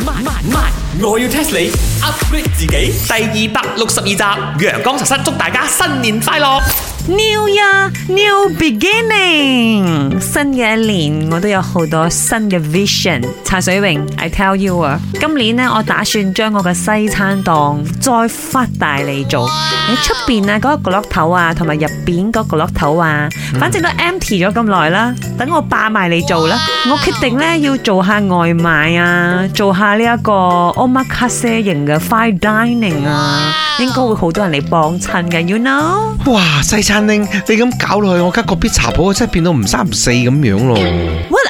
賣賣賣！我要 test 你 upgrade 自己。第二百六十二集《陽光實室》，祝大家新年快樂！New year, new beginning。新嘅一年，我都有好多新嘅 vision。茶水榮，I tell you 啊，今年呢我打算將我嘅西餐檔再發大嚟做。喺出邊啊嗰個角落頭啊，同埋入邊嗰個角落頭啊，反正都 empty 咗咁耐啦，等我霸埋嚟做啦。我決定咧要做下外賣啊，做下呢一個 Omakase 型嘅 fine dining 啊，應該會好多人嚟幫襯嘅。You know？哇，西餐！令你咁搞落去，我家個必茶鋪真係變到唔三唔四咁樣咯。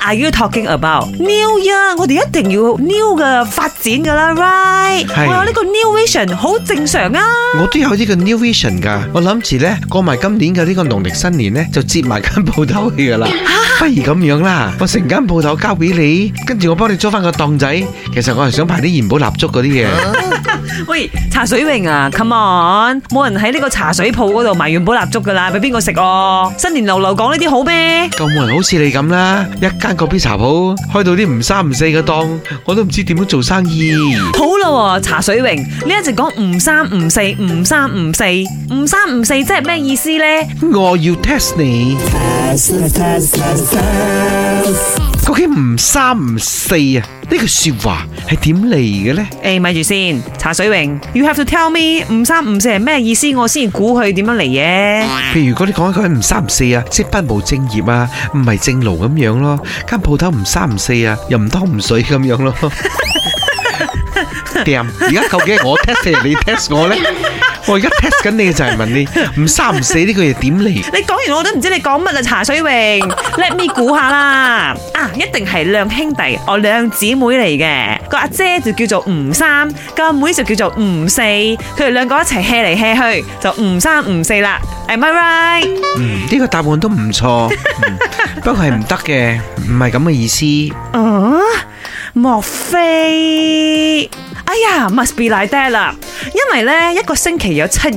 Are you talking about new year？我哋一定要 new 嘅發展噶啦，right？係啊，呢個 new vision 好正常啊。我都有呢個 new vision 噶。我諗住咧過埋今年嘅呢個農曆新年咧，就接埋間鋪頭去噶啦。不如咁樣啦，我成間鋪頭交俾你，跟住我幫你租翻個檔仔。其實我係想排啲元寶蠟燭嗰啲嘢。喂，茶水榮啊，come on！冇人喺呢個茶水鋪嗰度買元寶蠟燭噶啦，俾邊個食哦？新年流流講呢啲好咩？咁冇人好似你咁啦，一間。個杯茶鋪開到啲唔三唔四嘅檔，我都唔知點樣做生意。好啦、啊，茶水榮，你一直講唔三唔四，唔三唔四，唔三唔四，即係咩意思咧？我要 test 你 t e 嗰啲唔三唔四啊！呢句說話係點嚟嘅咧？誒、欸，咪住先，茶水榮，you have to tell me 五三五四係咩意思，我先估佢點樣嚟嘅。譬如如果你講一句唔三唔四啊，34, 即係不務正業啊，唔係正路咁樣咯，間鋪頭唔三唔四啊，又唔湯唔水咁樣咯。掂， 而家究竟係我 test 你，test 我咧？ 我而家 test 緊你嘅就係、是、問你唔三唔四呢個嘢點嚟？你講完我都唔知你講乜啊！茶水榮，let me 估下啦，啊，一定係兩兄弟，我兩姊妹嚟嘅，個阿姐就叫做吳三，個阿妹就叫做吳四，佢哋兩個一齊 hea 嚟 hea 去，就唔三唔四啦，am I right？嗯，呢、這個答案都唔錯、嗯，不過係唔得嘅，唔係咁嘅意思、啊。莫非？哎呀，must be like that 啦。因為咧，一個星期有七日，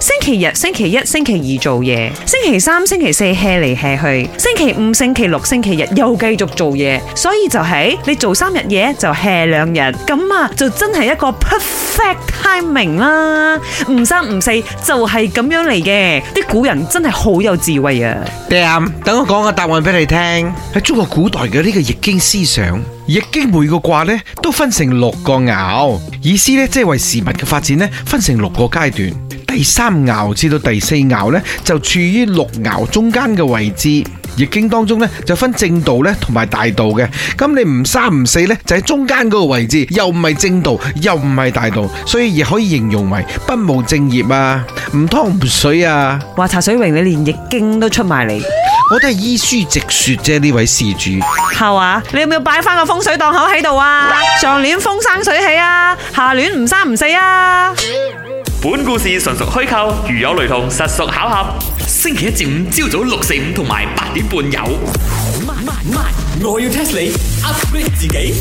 星期日、星期一、星期二做嘢，星期三、星期四 hea 嚟 hea 去，星期五、星期六、星期日又繼續做嘢，所以就係你做三日嘢就 hea 兩日，咁啊就真係一個 perfect timing 啦。唔三唔四就係咁樣嚟嘅，啲古人真係好有智慧啊！Damn，等我講個答案俾你聽。喺中國古代嘅呢個易經思想，易經每個卦咧，都分成六個爻，意思咧，即係為。事物嘅發展呢，分成六個階段，第三爻至到第四爻呢，就處於六爻中間嘅位置。易經當中呢，就分正道呢同埋大道嘅，咁你唔三唔四呢，就喺中間嗰個位置，又唔係正道，又唔係大道，所以亦可以形容為不務正業啊，唔湯唔水啊，話茶水榮，你連易經都出埋嚟。我都係依書直說啫，呢位事主係話，你要唔要擺翻個風水檔口喺度啊？上年風生水起啊，下年唔生唔死啊！本故事純屬虛構，如有雷同，實屬巧合。星期一至五朝早六四五同埋八點半有。My, my, my. 我要試你，upgrade 自己。